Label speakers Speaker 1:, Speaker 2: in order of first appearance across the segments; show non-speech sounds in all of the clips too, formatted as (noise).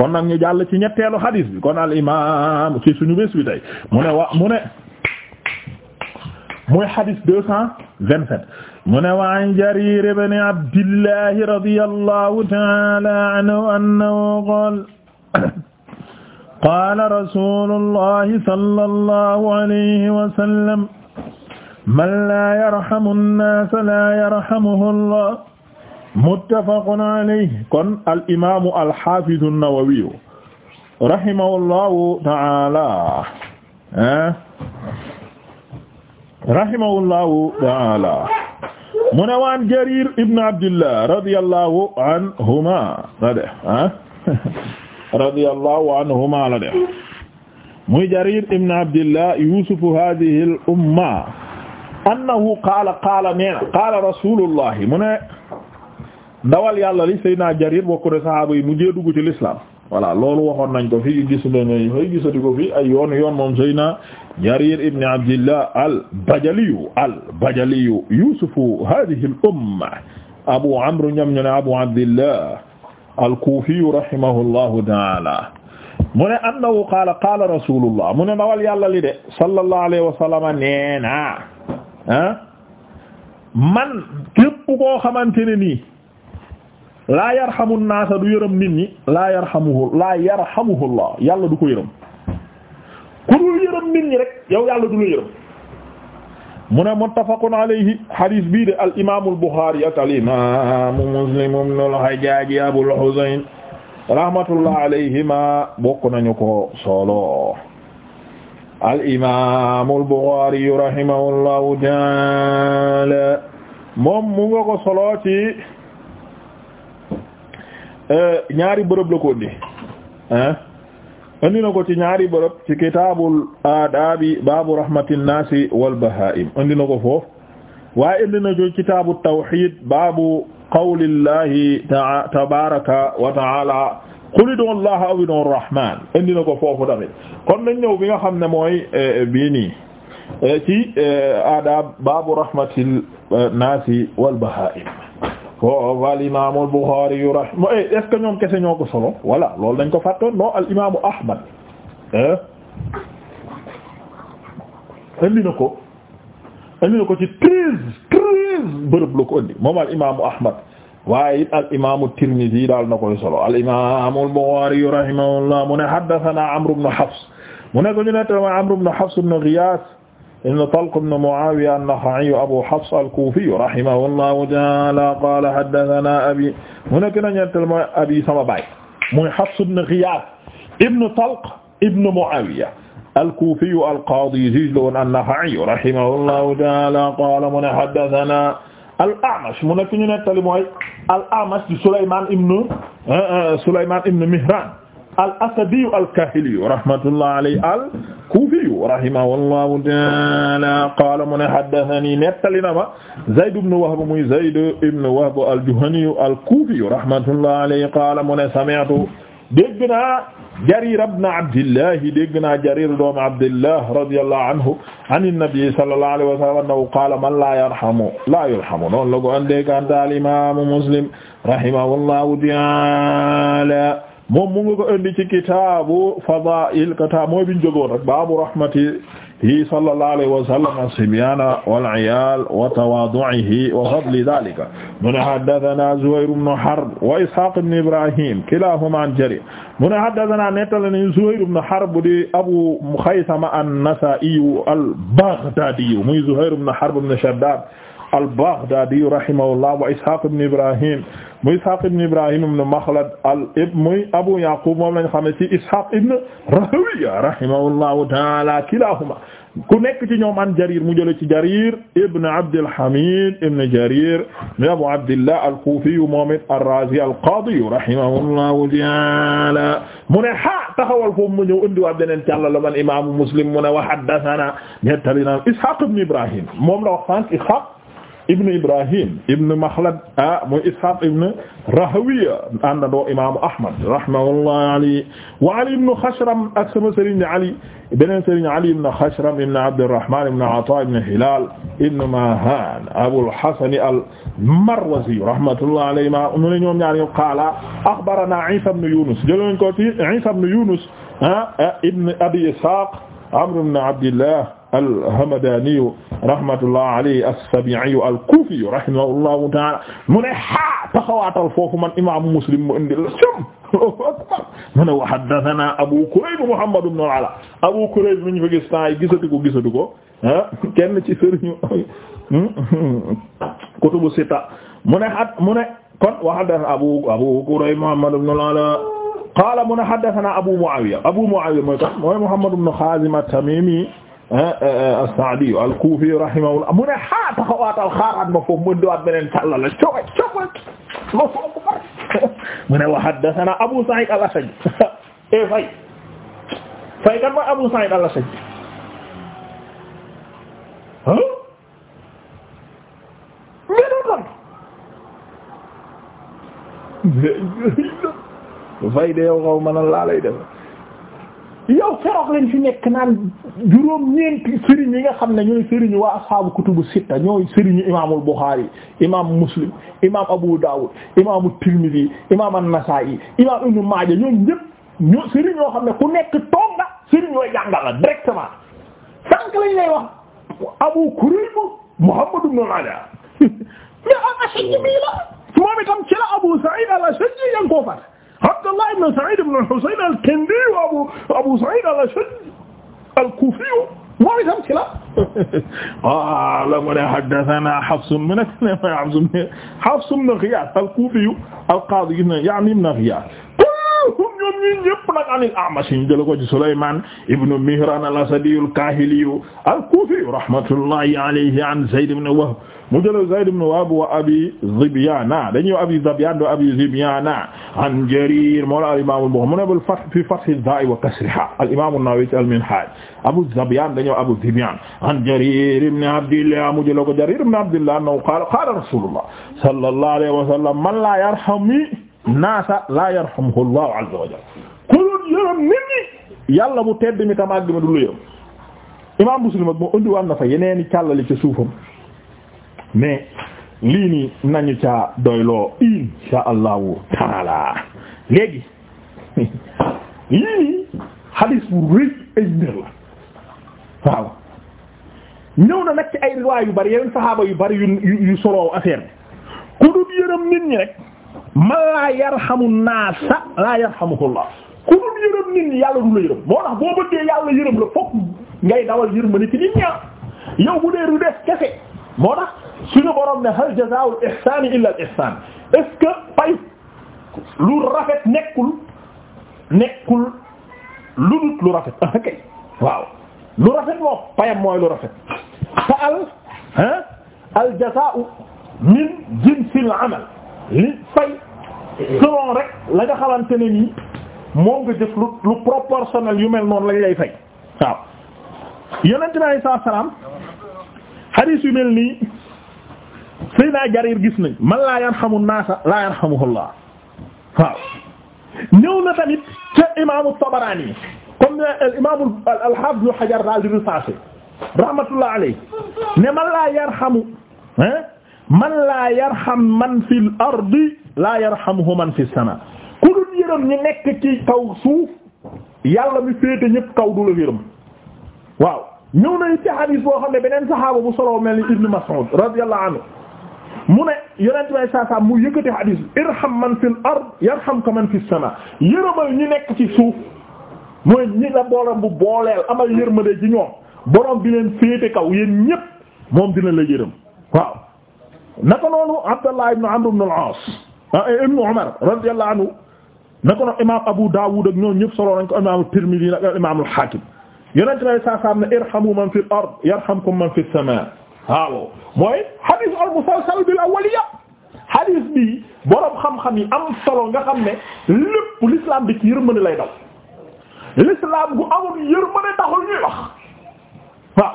Speaker 1: kon nag ñu jàll ci ñetteelu xadiis bi kon al imaam ci suñu bés bi tey mu ne wa mu ne mooy xadiis deux cent vingt-sept mu ne wa an Jarir ibn Abdillah radiyallahu ta'ala anhu annahu qaala qaala rasuulullahi sallallahu alayhi wa sallam man laa yarhamu an-naas laa yarhamuhu Allah muttafaqun alayhi kon al imaamu al haafizu an-Nawawi rahimahullahu ta'ala ah rahimahullahu ta'ala mu ne waan Jarir ibn Abdillah radiyallahu anhuma la def ah (laughs) radiyallahu anhuma la def muy Jarir ibn Abdillah yusufu hadhihi al-umma annahu qaala qaala mina qaala rasulullahi mu ne dawal yàlla li Seydina Jarir bokku de sahaaba yi mujjee dugg ci l'islam voilà loolu waxoon nañ ko fi gis nañ fay gisati ko fi ay yoon yoon moom Seydina Jarir ibn Abdillah al-Bajaliyu al-Bajaliyu yusufu hadhihi al-umma Abu Amr ñoom ñu ne Abu Abdillah al-Kufiyu rahimahullahu ta'ala mu ne annahu qaala qaala rasulullah mu ne dawal yàlla li de sallallahu alayhi wa sallam neena ah man képp koo xamante ne nii laa yarhamu naasa du yërëm nit ñi laa yarhamuhu laa yarhamuhullah yàlla du ko yërëm ku dul yërëm nit ñi rek yow yàlla du la yërëm mu ne muttafaqun alayhi hadis bii de al imaamul Buxaari ak al imaamu Muslim ibnul Hajjaaj Abul Husayn rahmatullah alayhima bokk nañu ko solo al imaamul Buxaari rahimahullahu taala moom mu nga ko solo ci. Euh, ñaari bërëb la ko indi ah indi na ko ci ñaari bërëb ci kitaabul aadaabi baabu rahmatin naasi wal bahaa'im indi na ko foofu waaye indi na ko kitaabu tawhiid baabu qawlillahi tabaaraka wa ta'aala qul ud'u llaha aw ud'u rrahmaan indi na ko foofu tamit kon nañ ñëw bi nga xam ne mooy euh, bii nii euh, ci aadaab baabu rahmatin wal bahaa'im foofu al imaamu Buxaari yu rahma eh, est-ce que ñoom kese ñoo ko solo voilà loolu dañ ko fàttoon non al imaamu Ahmad eh, indi na ko indi na ko ci treize treize bërëb la ko indi moom al imaamu Ahmad waaye it al imaamu Tirmidhi daal na koy solo al imaamu Buxaari rahimahullah mu ne haddathana Amr ibn Hafs mu ne ko ñu ne Amr ibn Hafs ibn Ghiyaas ibn Talq ibn Mu'aawiya an-Nakha'i Abu Hafs al-Kufi rahimahullahu ta'ala qala haddathana abi mu nekk na ñettal mooy abi sama baay mooy Hafs ibn Ghiyath ibn Talq ibn Mu'aawiya al-Kufi al-Qadi Zizl an-Nakha'i rahimahullahu ta'ala qala mu ne haddathana al-A'mash mu nekk ñu nettali mooy al-A'mash Sulaymaan ibn eh, eh, Sulaymaan ibn Mihraan al asadiyu al kahiliyu rahmatullahi alayhi al kufiyu rahimahullahu ta'ala qaala mu ne haddathani nettali na ma Zayd ibn Wahb muy Zayd ibn Wahb al juhaniyu al kufiyu rahmatullahi alayhi qaala mu ne sami'tu dégg naa Jarir ibn Abdillah dégg naa Jarir doomu Abdillah radiyallahu anhu an nabi sallallahu alayhi wa sallam annahu qaala man la yarhamu la yarhamu noonu la ko andee kan daal imaamu Muslim rahimahullahu ta'ala moom mu ngi ko indi ci kitaabu fadaa'il kitaab mooy bi ñu jógoon rek baabu rahmatihi sallallahu alayhi wa sallam as-sibyaana wal 'iyaal wa tawaadu'ihi wa fadli dhaalika mu ne haddathanaa Zuhayr ibn Harb wa Ishaaq ibn Ibraahiim kilaahumaa an Jariir mu ne haddathanaa nettali nañu Zuhayr ibn Harb di Abu Khaythama an-Nasaa'i al-Baghdaadi muy Zuhayr ibn Harb ibn Shaddaad al-Baghdadi rahimahullah wa Ishaq ibn Ibrahim muy Ishaq ibn Ibrahim ibn Makhlad al ib muy Abu Yaqub moom lañ xamee ci Ishaq ibn Rahawiya rahimahullahu ta'ala kilahuma ku nekk ci ñoom an Jarir mu jëlee ci Jarir ibn Abdul Hamid ibn Jarir mi Abu Abdillah al-Kufi moom it ar-Razi al-Qadi rahimahullahu ta'ala mu ne ha taxawal foofu mu ñëw indiwaat beneen càlla la man imaamu Muslim mu ne wa haddathana nettali naan Ishaq ibn Ibrahim moom la wax sànq Ishaq ibn Ibrahim ibn Makhlad ah muy Ishaq ibn Rahawiya àndandoo imaamu Ahmad rahimahullah Ali wa Ali ibn Khashram ak sama sëriñ Ali beneen sëriñ Ali ibn Khashram ibn Abdurrahman ibn Ata ibn Hilal ibn Mahan Abul Hasan al-Marwazi rahmatullah alayhima mu ne ñoom ñaar ñoom qaala akhbarana Isa ibn Yunus jëloon ko ci Isa ibn Yunus ah, ah ibn Abi Ishaq Amr ibn Abdillah alhamadaniyu rahmatullah alayhi as-Sabi'iyu al-Kufiyu rahimahullahu ta'ala mu ne ha taxawaatal foofu man imaamu Muslim mu indi la sum mu ne wa haddathana Abu Kurayb Muhammad ibn al-Ala Abu Kurayb mi ñu fa gis tay gisatu ko gisatu ko kenn ci sëriñu kutubu sitta mu ne at mu ne kon wa haddathana Abu Abu Kurayb Muhammad ibn al-Ala qaala mu ne haddathana Abu Mu'awiya Abu Mu'awiya mooy tax mooy Muhammad ibn Khazim at-Tamimi as-Sa'di al-Kufi rahimahullah mu ne xaa taxawaatal xaaraat ma foofu mu diwaat beneen talla la coge coge ma foofu ba (laughs) mu ne wa haddathana Abu Sa'id al-Ashaj (laughs) e eh, fay fay kan mooy Abu Sa'id al-Ashaj (laughs) fay de yow xaw ma nan laa lay def yow keroog lañ fi nekk naan juróom ñeenti sëriñ yi nga xam ne ñooy sëriñu waa ashaabu kutubu sitta ñooy sëriñu imaamul Bukhari imaam Muslim imaam Abu Dawud imaamu Tirmidhi imaam an imaam Ibn Maaja ñoom ñëpp ñoo sëriñ yoo xam ne ku nekk toog nga sëriñ yooyu jàngal la directement sànq Abu Kurayb Muhammad ibn al-Ala (laughs) mais al-Ashajji bii moom itam ci Abu Sa'id al-Ashajji yaa ngi koo far Abdallah ibn Sa'id ibn al-Husayn al-Kindi wa Abu Abu Sa'id al-Ashaj al-Kufi moom itam ci la waaw la mu ne haddathana Hafs mu ne Hafs ibn Ghiyath al-Kufi al-Qadi ya'ni ibn Ghiyath kulluhum ñoom ñi ñëpp nag an al-A'mash ñu jël ko ci Sulayman ibn Mihran al-Asadi al-Kahili al-Kufi rahmatullahi alayhi an Zayd ibn Wahb mu jële Zayd ibn Wahb wa Abi Zibyana dañuy Abi Zibyana wa Abi Zibyana an Jarir mawla al-imam al-Bukhari mu ne bil fath fi fath ad-da'i wa kasriha al-imam an-Nawawi ci al-Minhaj Abu Zibyan dañu Abu Zibyan an Jarir ibn Abdillah mu jële ko Jarir ibn Abdillah annahu qala qala Rasulullah sallallahu alayhi wa sallam man la yarhamu naasa la yarhamuhu Allahu azza wa jalla ku yërëm nit ñi yàlla bu tedd mi tamit du la yërëm imam Muslim moo indi woon na fa yeneen i càllali ci suufam mais lii nii nañu ca doyloo insha allahu léegi (laughs) lii nii xadis bu rëy ay la waaw ñëw na nag ay riwaay yu bari yeneen saxaaba yu bari yu yu soloow affaire bi ku dul yërëm nit ñi rek man laa yarxamu naasa laa yarxamuhullah ku dul yërëm nit ñi yàlla du la yërëm moo tax boo bëggee yàlla yërëm la fokk ngay dawal yërëm ni ci nit ñaa yow bu dee du def moo tax suñu borom ne hal jazaa'ul ihsaani illa al ihsaan est que pay lu rafet nekkul nekkul lu dut lu rafet ah waaw lu rafet moom payam mooy lu rafet fa al al jazaa'u min jinsil amal li fay selon rek la nga xamante ne nii moom lu lu proportionnel yu mel noonu lañ lay fay waaw yonent bi alayhi salaam xadiis yu nii. Seydina Jarir gis nañ man laa yarhamu naasa laa yarhamuhullah waaw ñëw na tamit ca imaamu Tabarani comme imaamu al-Hafiz Ibn Hajar daal di recensé rahmatullah alayhi ne man laa yarhamu ah man laa yarham man fil ardi laa yarhamuhu man fis sama ku dul yërëm ñi nekk ci kaw suuf yàlla mi féete ñëpp kaw du la yërëm waaw ñëw na ci hadith boo xam ne beneen saxaaba bu solo mel ni Ibn Mas'ud radiyallahu anhu mu ne yonent bay saa saa mu yëkkati hadis irham man fil ard yarhamka man fis sama yërëmal ñi nekk ci suuf mooy ñi la borom bu booleel amal yërmande ci ñoom borom bi leen féete kaw yéen ñépp moom dina la yërëm waaw naka noonu Abdallah ibn Amr ibn al-As ah, eh, ibn Umar radiyallahu anhu naka noonu imaam Abu Dawud ak ñoom ñépp solo nañ ko imaam Tirmidhi ak imaam al-Hakim yonent bay saa saa ne irhamu man fil ard yarhamkum man fis sama waaw mooy hadith al musalsal bil awliya hadith bi borom xam-xam yi am solo nga xam ne lépp l'islam bi ci yërmande lay daw l'islam gu amul yërmande taxul ñuy wax waaw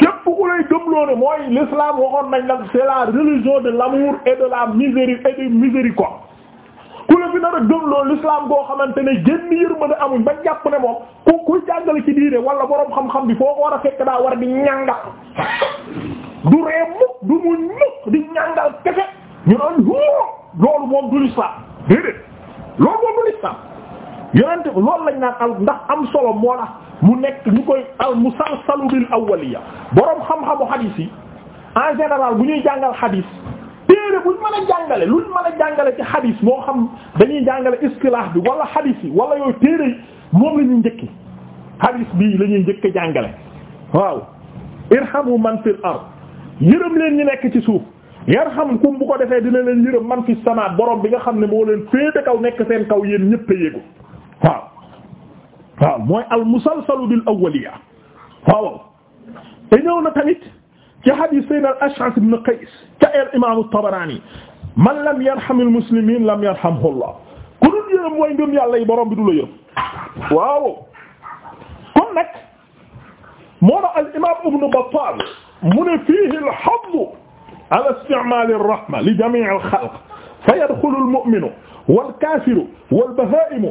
Speaker 1: képp ku lay gëmloo ne mooy l'islam waxoon nañ la c'est la religion de l'amour et de la miséricorde et du miséricorde ku la fi nar a gëmloo l'islam goo xamante ne génn yërmande amuñ ba jàpp ne moom ku kuy jàngale ci diine wala borom xam-xam bi foo ko war a fekk daa war di ñànga du ree mukk du muñ mukk di ñàngal kese ñu doon loolu moom du l'islam déedéet loolu moom du l'islam yonente loolu lañ naan al ndax am solo moo mu nekk ñu koy al musalsalu bil awwaliya boroom xam-xamu hadith yi en général bu ñuy jàngal hadith téere buñ mën a jàngale luñ mën a jàngale ci hadith moo xam dañuy jàngale istilah bi wala hadith yi yooyu téere yi moom la ñuy njëkki hadith bii la njëkk jàngale waaw irhamu man fil ard yërëm leen ñi nekk ci suuf yarhamkum bu ko defee dina leen yërëm man fi sama borom bi nga xam ne moo leen féete kaw nekk seen kaw yéen ñëpp a yéegu waaw waaw mooy al musalsalu bil awwaliya waaw te ñëw na tamit ci hadith sayyid al ash'ath ibn qais ca el imam at-tabarani man lam yarham al muslimin lam yarhamhu allah ku dul yërëm mooy ngëm yàlla yi borom bi du la yërëm waaw kon nag na al imam ibn battal mu ne fiihi al-hadd ala isti'maal ar-rahma li jamii' al-xalq fa yadxulu al-mu'minu wal-kaafiru wal-bahaa'imu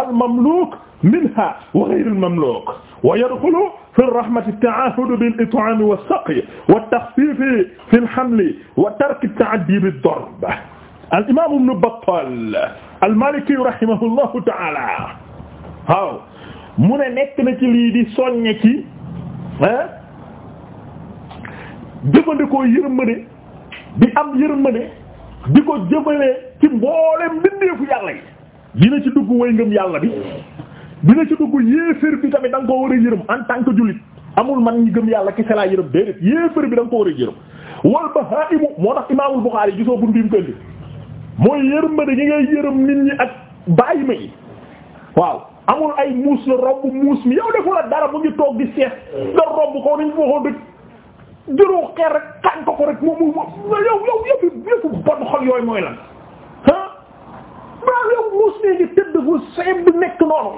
Speaker 1: al-mamluuk minhaa wa ghayru al-mamluuk wa yadxulu fi ar-rahmati at-ta'aahudu bil-it'aami was-saqyi wat-taxfiifi fi al-hamli wa tarki at-ta'addii bid-darb al-imaam ibn Battaal al-Maaliki rahimahullahu ta'aalaa waaw mu ne nekk na ci lii di soññ ci ah jëfandikoo yërmande di am yërmande di ko jëfalee ci mbooleem mbindeefu yàlla yi dina ci dugg way ngëm yàlla bi dina ci dugg yéeféer bi tamit da ko koo war a yërëm en tant que jullit amul man ñi gëm yàlla kese laa yërëm déedéet yéeféer bi da nga ko war a yërëm wal bahaimu moo tax imaamul Buxaari yi gisoo buntu yi mu këndi mooy yërmande ñi ngay yërëm nit ñi ak bàyyi ma yi waaw amul ay muus la romb muus mi yow defu la dara mu ngi toog di nga romb ko juróom xeer rek tànn ko ko rek moom moom yow yow yëpp yëpp bon xol mooy lan ah waaw yow muus nee ngi tëdd fu seen bi nekk noonu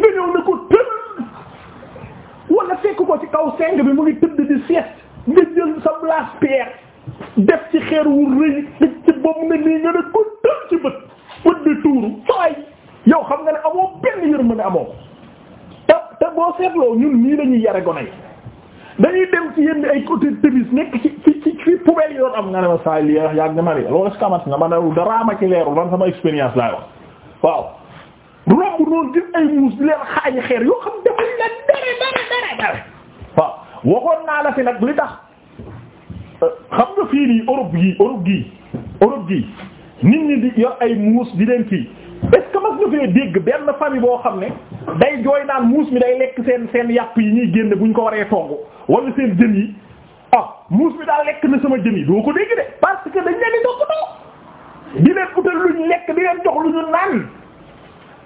Speaker 1: nga ñëw ne ko tëdd wala fekk ko ci kaw seng bi mu ngi tëdd di sieste nga jël sa place def ci xeer wu rëy tëj ci bopp nga nii nga ne ko tëdd ci bët bët di tuuru saay yow xam nga ne amoo benn yërmande amoo te te boo seetloo ñun nii lañuy yare gone yi dañuy dem ci yenn ay côté tëbis nekk ci ci ci ci am nga ne ma saa yi yàgg nga ma ne loolu est-ce nga ma ne daraa ma ci leerul man sama expérience laay wax waaw. noonu gis ay muus di leen xaaji xeer yoo xam defal la dara dara dara dara waaw waxoon naa la fi nag li tax xam nga fii nii Europe gi Europe gi Europe gii nit ñi di yor ay muus di leen kii. est-ce que nga fee dégg benn famille boo xam ne day jooy naan muus mi day lekk seen seen yàpp yi ñuy génn buñ ko waree togg wala seen jën yi ah muus mi daal lekk na sama jën yi doo ko dégg de parce que dañ leen di toppatoo di lekk di leen jox lu ñu naan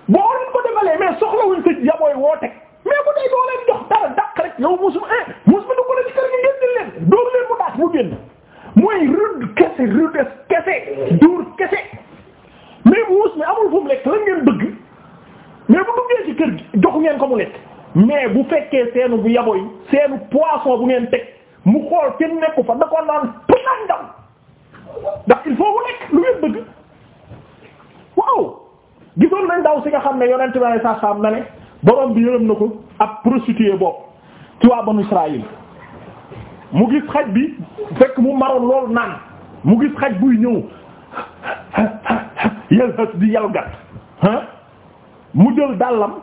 Speaker 1: boo leen ko defalee mais soxlawuñ ko yabooy woo teg mais bu dee doo leen jox dara dàq rek yow muus mi eh muus mi dugg na ci kër gi ngeen di leen dóor leen mu daas mu génn mooy rëdd kese rëdd kese dóor kese. mais muus mi amul fu mu lekk lan ngeen bëgg mais bu duggee ci kër gi jox ngeen ko mu lekk mais bu fekkee seenu bu yaboy seenu poisson bu ngeen teg mu xool kenn nekku fa da ko naan pusangam ndax il faut mu lekk lu ngeen bëgg waaw gisoon nañ daw si nga xam ne yonent bi sallallahu alayhi wasallam na ne borom bi yërëm na ko ab prostituée bopp ci waa banu Israël mu gis xaj bi fekk mu maroon loolu naan mu gis xaj buy ñëw yalxas di yalgat ah mu jël dàllam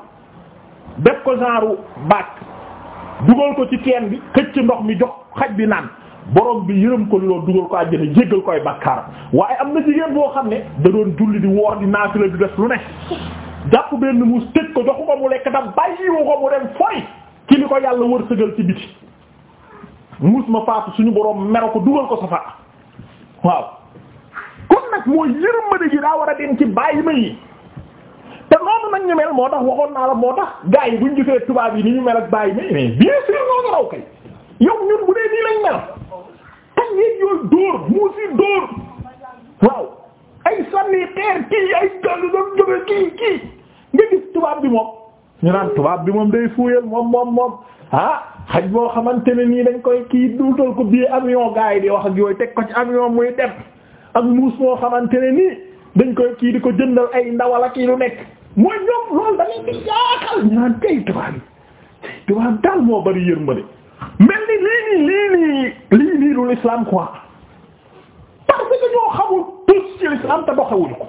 Speaker 1: def ko genre baag dugal ko ci teen bi xëcc ndox mi jox xaj bi naan borom bi yërëm ko loolu dugal ko àjjana jéggal koy bakkaar waaye am na jigéen boo xam ne da doon julli di woor di naafila di def lu ne jàpp benn muus tëj ko joxu ko mu lekk tam bàyyiwu ko mu dem foy ci li ko yàlla wërsëgal ci biti muus ma faatu suñu borom mero ko dugal ko safara waaw nag mooy yërmande ji daa war a dem ci bàyyi ma yi te noonu nag ñu mel moo tax waxoon naa la moo tax gaa yi buñ gisee tubaab yi ni ñu mel ak bàyyi ma mais bien sûr ñoo yow ñun nga gis tubaab bi moom ñu naan tubaab bi moom day fuuyal moom moom moom ah xaj boo xamante ne nii dañ koy kii duutal ko bii avion gars yi di wax ak yooyu teg ko ci avion muy dem ak muus moo xamante ne nii dañ koy kii di ko jëndal ay ndawal ak lu nekk mooy ñoom loolu da leen di jaaxal ñu naan tey tubaab yi tubaab daal moo bari yërmande mel ni lii nii lii nii lii nii lu l'islam quoi parce que xamul tous ci l'islam te doxewuñu ko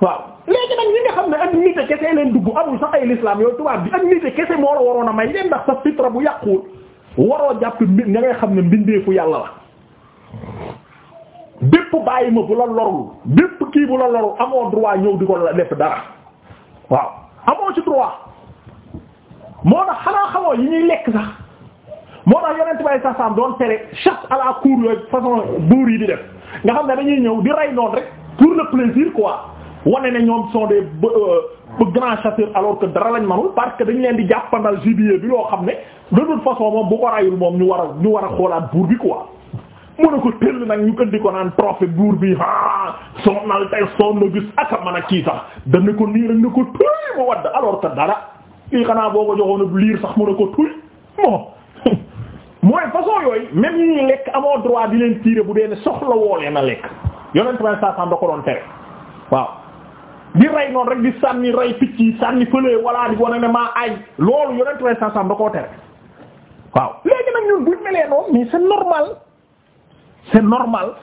Speaker 1: waaw léegi nag ñi nga xam ne ak nite kese leen dugg amul sax ay l'islam yooyu tubaab bi ak nite kese moo la waroon a may leen ndax sa fitra bu yàquwul waroo jàpp mbi nga ngay xam ne mbindeefu yàlla bépp bàyyi ma bu la lorul bépp kii bu la lorul amoo droit ñëw di ko def dara waaw amoo ci droit moo tax xanaa xamoo yi ñuy lekk sax moo tax yonent bay sax saam doon tere chasse à la yi di def nga xam ne dañuy ñëw di rey noonu rek pour le plaisir quoi wane ñoom sont des euh, grands chasseurs alors que dara lañ manul parce que dañu leen di jàppandal gibier bi yoo xam ne de toute façon moom bu ko rayul moom ñu war a ñu war a xoolaat buur bi quoi mu ne ko tëll nag ñu indi ko naan trophée buur bi ah sonnal tey sonn gis aka man a kii sax dana ko nii rek ne ko tuy mu boo ko joxoon liir sax mu ne ko tuy moo (laughs) mooy façon yooyu même ñi ñuy lekk amoo droit di leen tirer bu dee ne soxla woo na a lekk yonent may da ko doon tere waaw di rey noonu rek di sànni rey picc yi sànni fëlee walla di wane ne maa aay loolu yonent may da koo tere waaw léegi nag ñun buñ melee noonu mais c'est normal c'est normal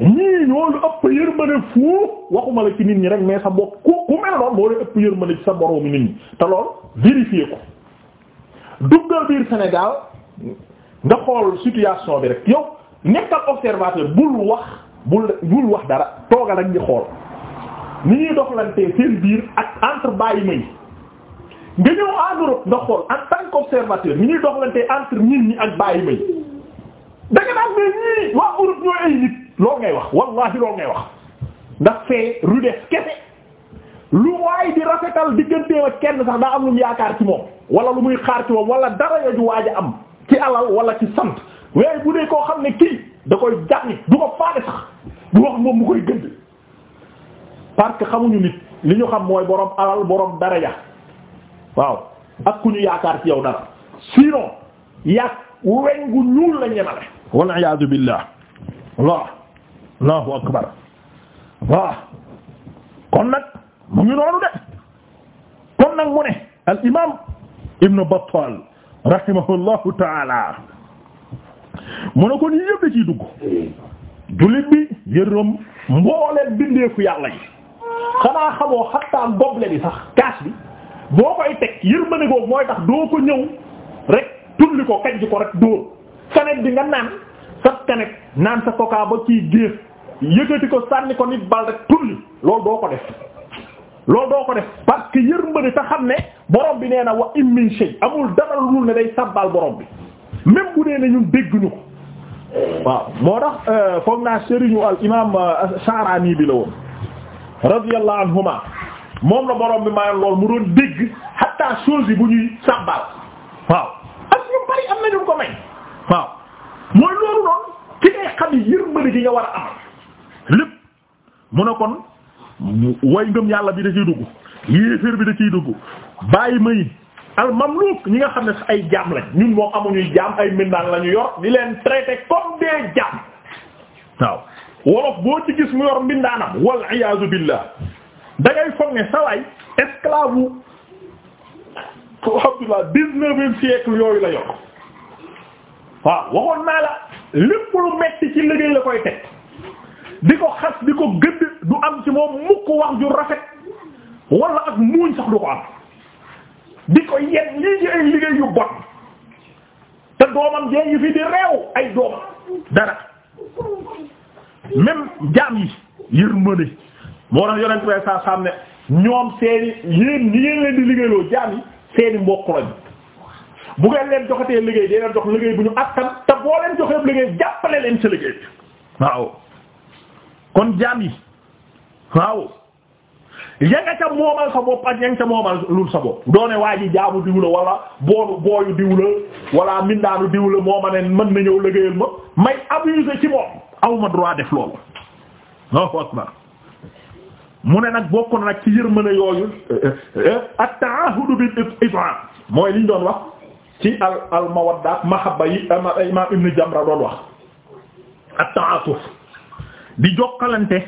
Speaker 1: ñii ñoo lu ëpp yërmande foofu waxuma la ci nit ñi rek mais sa bokk ku ku mel noonu moo la ëpp yërmande ci sa boroomu nit ñi te lool vérifier ko duggal biir Sénégal nga xool situation bi rek yow nekkal observateur bul wax bul bul wax dara toogal ak ñi xool ni ñuy doxlantee seen biir ak entre bàyyi may nga ñëw en Europe nga xool en tant qu'observateur ni ñuy doxlantee entre nit ñi ak bàyyi may da nga naan mais waa Europe ñooy ay nit loo ngay wax wallahi loo ngay wax ndax fee rudesse kese lu waay di rafetal digganteem ak kenn sax daa am lu mu yaakaar ci moom wala lu muy xaar ci moom wala dara ya ju waaj am ci alal wala ci sant waaye bu dee koo xam ne kii da koy jànni du ko faale sax du wax moom mu koy gënd parce que xamuñu nit li ñu xam mooy boroom alal borom dara ya waaw ak ku ñu yaakaar ci yow dara sinon yàq weñ ñuul la ñemale wal iyaadu billah waaw allahu akbar waaw kon nag mu ngi noonu de kon nag mu ne al imaam Ibn Battal rahimahullahu taala mu ne kon yi yëpp da ciy dugg jullit bi yërëm mbooleen bindeefu yàlla yi xanaa xamoo xattaa goble bi sax kaas bi boo koy teg yërmande googu mooy tax doo ko ñëw rek tulli ko kajj ko rek dóor kanet bi nga naan sa kanet naan sa coca ba kii géex yëkkati ko sànni ko nit bal rek tulli loolu doo ko def loolu doo ko def parce que yërmande ta xam ne borom bi nee na wa in amul dara lu ne day sabbal borom bi même bu nee ne ñun dégguñu ko waaw moo tax euh, foog naa sëriñu al imam euh, Sha'rani bi la woon radiyallahu anhuma moom la borom bi maayoon lool mu doon dégg hatta chose bu ñuy sabbal waaw ak ñu bari am nañu ko may waaw mooy loolu noonu ci ngay xam ne yërmande gi nga war a amal lépp mu ne kon way ngëm yàlla bi da ciy dugg yéeféer bi da ciy dugg bàyyi ma yi ñi nga xam ne ay jaam lañ ñun moom amuñuy jaam ay mindaan la yor di leen traité comme des jaam waaw wolof boo ci gis mu yor mbindaanam wal iyaazu billah da foog ne sawaay esclave u Abdullah dix-neuvième yooyu la yor waaw waxoon naa la lépp lu metti ci liggéey la koy teg di ko xas di ko gëdd du am ci moom mukk wax ju rafet wala ak muuñ sax du ko am di ko yet lii ci ay liggéey yu bon te doomam jee yi fi di reew ay doom dara même jaam yi yërmande moo tax yonent bi saa saam ñoom seeni yéen ñi leen di liggéeyloo jaam yi seeni mbokk lañ bu ngeen leen joxatee liggéey dee leen jox liggéey bu ñu attan te boo leen joxee liggéey jàppale leen sa liggéey waaw kon jaam yi waaw ya ca moomal sa bopp ak ya nga ca moomal lul sa bopp doone waa ji jaamu diw la wala boolu booyu diw la mindaanu diw la ne mën na ñëw liggéeyal ma may abusé ci moom awma droit def loolu Allahu mu ne nag bokk na nag ci yërmande yooyu eh, eh, eh, ak ta'ahud bil it'am mooy liñ doon wax ci al al mawadda ak mahabba yi euh, euh, imaam ibnu jamra doon wax ak ta'atuf di jokkalante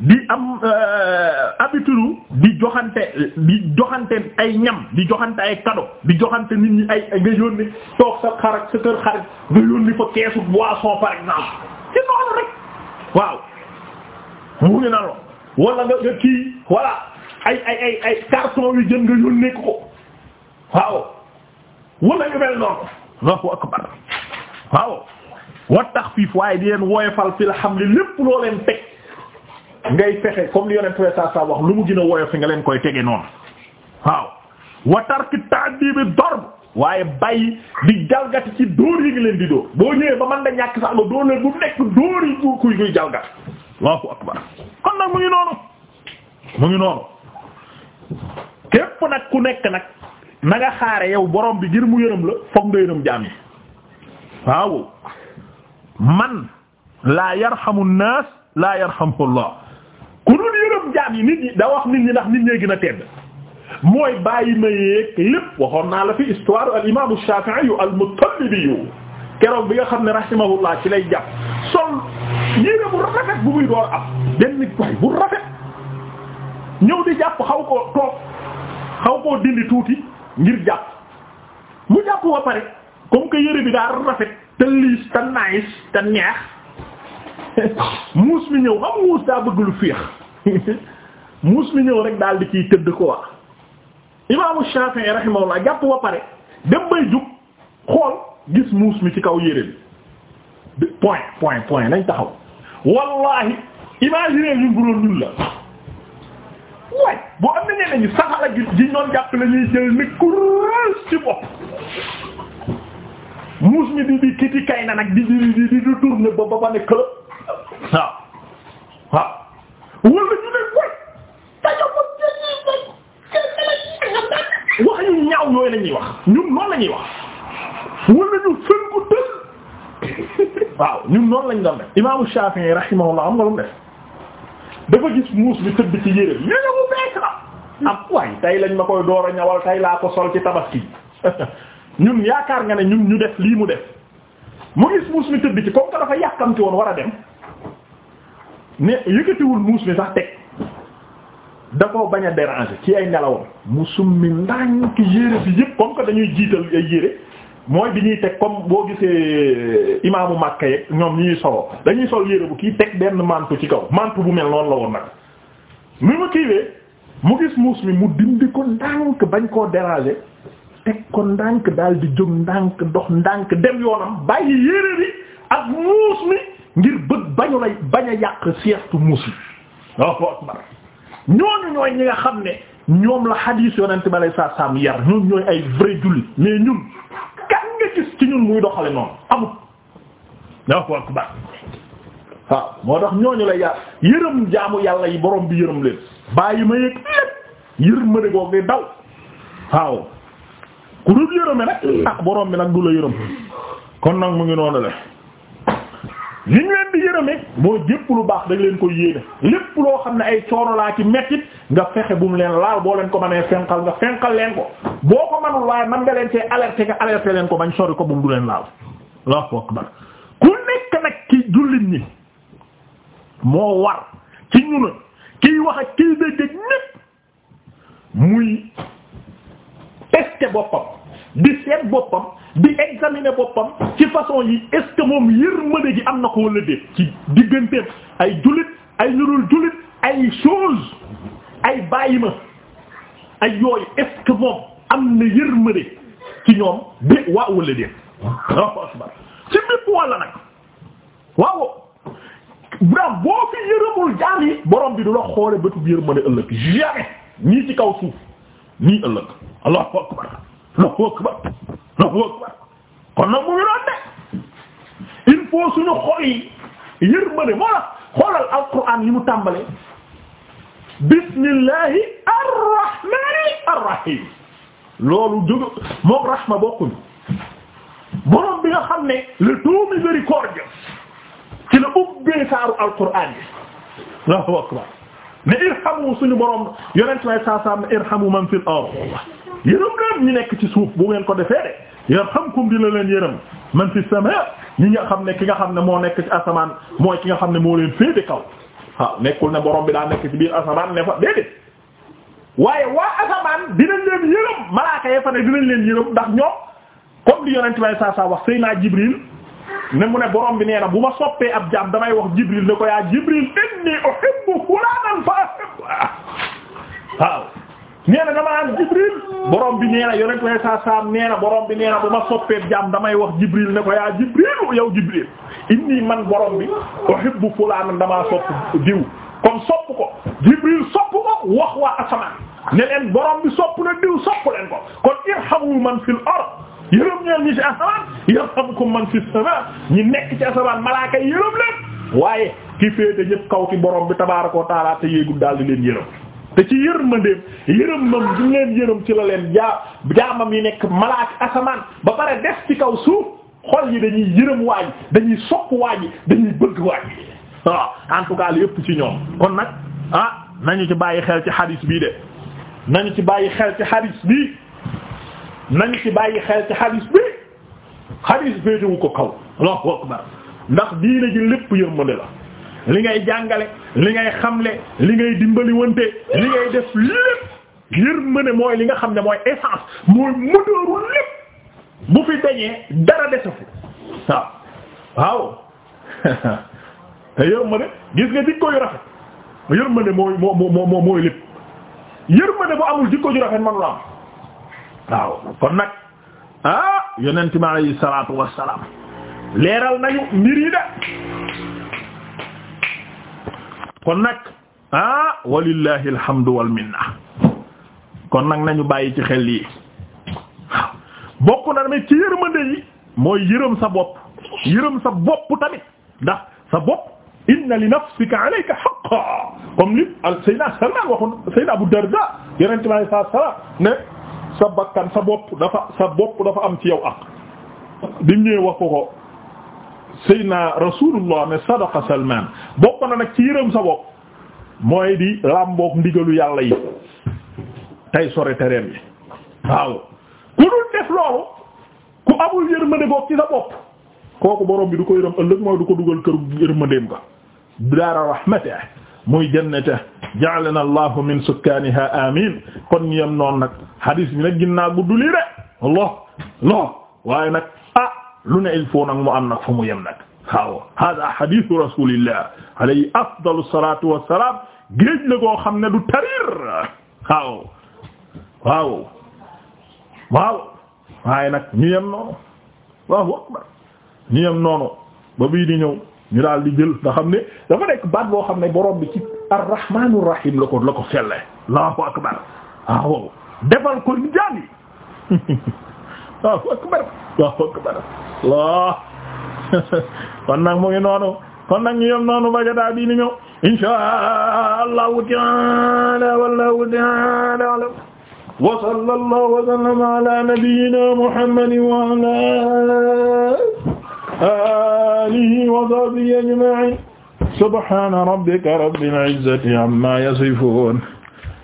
Speaker 1: di am euh, habitude di joxante di joxante ay ñam di joxante ay cadeau di joxante nit ñi ay nga yónni toog sa xarak kër xarit nga yónni fa keesu boisson par exemple ci noonu rek waaw mu ngi na lo wala nga nga kii voilà ay ay ay ay carton yu jën nga yónnee ko waaw wala ñu mel noonu Allahu akbar waaw wa taxfiif waaye di leen woyofal fil hamli lépp loo leen teg ngay fexe comme li yonent fee saa saa wax lu mu gën a woyof fi nga leen koy tege noonu waaw wa tarki ta'dibi darb waaye bàyyi di jalgati ci dóor yi ngi leen di dóor boo ñëwee ba man da ñàkk sax nga dóor leen bu nekk dóor yi ku kuy kuy jalgati Allahu akbar kon nag mu ngi noonu mu ngi noonu képp nag ku nekk nag na nga xaare yow borom bi ngir mu yërëm la foog nga yërëm jaam yi waaw man laa yarhamu naas laa yarhamuhullah ku dul yërëm jaam yi nit ñi da wax nit ñi ndax nit ñee gin a tedd mooy bàyyi ma yeeg lépp waxoon naa la fi histoire al imaamu Shaafi'i keroog bi nga xam ne rahimahullah ci lay jàpp sol yére bu rafet bu muy door am benn nit bu rafet ñëw di jàpp xaw ko toog xaw koo dindi tuuti. ngir jàpp mu jàpp ba pare comme que yére bi daa rafet te liis te nice te neex (laughs) muus mi ñëw xam muus daa bëgg lu féex (laughs) muus mi ñëw rek daal di ciy tëdd ko wax imaamu Shafi'i rahimahullah jàpp ba pare dem bay jug xool gis muus mi ci kaw yére bi point point point nañ taxaw wallahi imaginer ñun bu doon ñun la waaye bu am na ñeneen ñi saxala gi di ñoon jàpp la ñuy jël ni kuréel bopp muus ñi di di kiti kay na nag di di di di tourner ba ba ba ne club waaw waaw wala ñu ne way dañoo ñu ñaaw yooyu la ñuy wax ñun noonu la ñuy wax wala ñu fën ko dël waaw ñun noonu lañ doon def imaamu Shafi'i rahimahullah am nga lu dafa gis muus bi tëdd ci yére yére bu bees la am ah, waay tey lañ ma koy door a ñawal tey laa ko sol ci tabaski (laughs) ñun yaakaar nga ne ñun ñu def lii mu def mu gis muus mi tëdd ci comme que dafa yàkkamti woon war a dem ne yëkkatiwul muus mi sax teg da ko bañ a déranger ci ay nelawam mu summi ndànk yére bi yëpp comme que dañuy jiital ay yére mooy bi ñuy teg comme boo gisee imaamu Makka yeeg ñoom ñuy solo dañuy sol yére bu kii teg benn mantu ci kaw mantu bu mel noonu la woon nag ni ma kiiwee mu gis muus mi mu dindi ko ndànk bañ koo déranger teg ko ndànk daal di jóg ndànk dox ndànk dem yoonam bàyyi yére bi ak muus mi ngir bëgg bañu lay bañ a yàq siestu muus yi waaw waaw akbar ñooñu ñooy ñi nga xam ne ñoom la xadiis yonent ba lay saa saam yar ñun ñooy ay vrai jullit mais ñun gis ci ñun muy doxale noonu amul daa ko ak baax waaw moo tax ñooñu la yà yërëm jaamu yàlla yi borom bi yërëm leen bàyyi ma yëg lépp ma dëggoog di daw waaw ku dul yërëme nag ah borom bi nag du la yërëm kon nag mu ngi noonu la li ñu leen di yërëme mooy jépp lu baax dañ leen ko yéene lépp loo xam ne ay coono laa ci mettit nga fexe bu mu leen laal boo leen ko mënee fenqal nga fenqal leen ko boo ko manul waaye man nga leen cee alerter nga alerter leen ko bañ sori ko bu mu du leen laal Allahu akbar ku nekk nag ki jullit ñi moo war ci ñuna kiy wax ak kiy dégg ak ñépp muy tester boppam di seet boppam di examiner boppam ci façon yi est-ce que moom yërmande gi am na ko wala déet ci digganteem ay jullit ay ñurul jullit ay choses ay bàyyi ma ay yooyu est-ce que moom am na yërmande ci ñoom dé waa wala déet waaw asbar ci bépp wala nag boo fi yërëmul bi du la xoole bëtub yërmande ëllëg jamais nii ci kaw suuf nii ëllëg allahu akbar allahu akbar kon nag mu ngi doon de il faut suñu xol yi moo la xoolal alquran yi mu tàmbalee bismillahi arrahmani arrahim loolu jóg mook rahma bokkuñu borom bi nga xam ne le tout miséricordieux ci la ubbee saaru alquran yi Allahu akbar ne irhamu suñu borom yonent lay saa saa irhamu man fil ard yërëm leen ñu nekk ci suuf bu ngeen ko defee de yarhamkum dina leen yërëm man fi samaa ñi nga xam ne ki nga xam ne moo nekk ci asamaan mooy ki nga xam ne moo leen féete kaw waaw nekkul ne borom bi daa nekk ci biir asamaan ne fa déedéet waaye waa asamaan dinañ leen yërëm malaaka ya fa ne dinañ leen yërëm ndax ñoom comme li yonent bay saa saa wax Seydina Jibril ne mu ne borom bi nee na bu ma soppee ab jaam damay wax Jibril ne ko yaa Jibril inni nee na dama am Jibril borom bi nee na yonent way saa saam nee na borom bi nee na bu ma soppeeb jaam damay wax Jibril ne ko yaa Jibril yow Jibril inni man borom bi uhibbu fulaan damaa sopp diw kon sopp ko Jibril sopp ko wax waa asamaan ne leen borom bi sopp na diw sopp leen ko kon irhamu man fil ard yërëm ñeen ñi ci asamaan yarhamkum man fis samaa ñi nekk ci asamaan malaaka yërëm leen waaye ki féete ñëpp kaw ci borom bi tabaaraka wa taala te daal di leen yërëm te ci yërmandeem yërëm mam duñ leen yërëm ci la leen jaa jaamam yi nekk malaat asamaan ba pare des ci kaw suuf xol yi dañuy yërëm waaj dañuy sopp waaj dañuy bëgg waaj waaw ah, en tout cas ci ñoom kon nag ah nañu ci bàyyi xel ci hadis bii de nañu ci bàyyi xel ci hadis bii nañu ci bàyyi xel ci hadis bii hadis féetewu ko kaw Allahu akbar ndax diine ji lépp yërmande la li ngay jàngale li ngay xamle li ngay dimbali wante li ngay def lépp yërmande mooy li nga xam ne mooy essence mooy moteuru lépp bu fi dañee dara desafu waaw waaw (laughs) te yërmande gis nga jikko yu rafet yërmande mooy mooy lépp yërmande bu amul jikko ju rafet manula am waaw kon nag ah yonent mi alayhi salaatu wassalaam leeral nañu mbir yi da kon nag ah walillahi alhamdu wal kon nag nañu bàyyi ci xel yi bokk na tamit ci yërmande yi mooy yërëm sa bopp yërëm sa bopp tamit ndax sa bopp inna li nafsika alayka haqqan comme li Seydina Salman waxoon Seydina Abu Darda yeneen ci maay saa sala ne sa bopp dafa sa bopp dafa am ci yow ak. di ñëwee wax Seydina Rasulullah ne sadaqa Salman bokk na nag ci yërëm sa bopp mooy di làmboog ndigalu yàlla yi tey sore tereem yi waaw ku dul def loolu ku amul yërmande goog ci sa bopp kooku borom bi du ko yërëm ëllëg mooy du ko dugal kër yërmandeem ga daara rahmate muy jannata ja'alana allahu min sukkaaniha amin kon yem noonu nag hadis bi nag ginnaaw gudduli de Allah Allah waaye nag lu ne il faut nag mu am nag fu mu yem nag waaw hada hadithu rasulillah alayhi afdalu salatu wassalam géej la koo xam ne du tarir waaw waaw waaw waaye nag ñu yem noonu waaw akbar ñu yem noonu ba bii di ñëw ñu daal di jël nga xam ne dafa nekk baat boo xam ne borom bi ci arrahmanur rahim la ko la selle allahu akbar waaw defal ko ni jaam (laughs) waaw akbar waaw akbar laa (laughs) kon nag mu ngi noonu kon nag ñu yem noonu ba jotaay bii ni ñëw inshaa Allahu ta'ala wallahu ta'ala a'lam wa sallallahu wa sallama ala nabiyyina Muhammadin wa ala alihi wa sahbihi ajma'in subhana rabbika rabbil izzati amma yasifun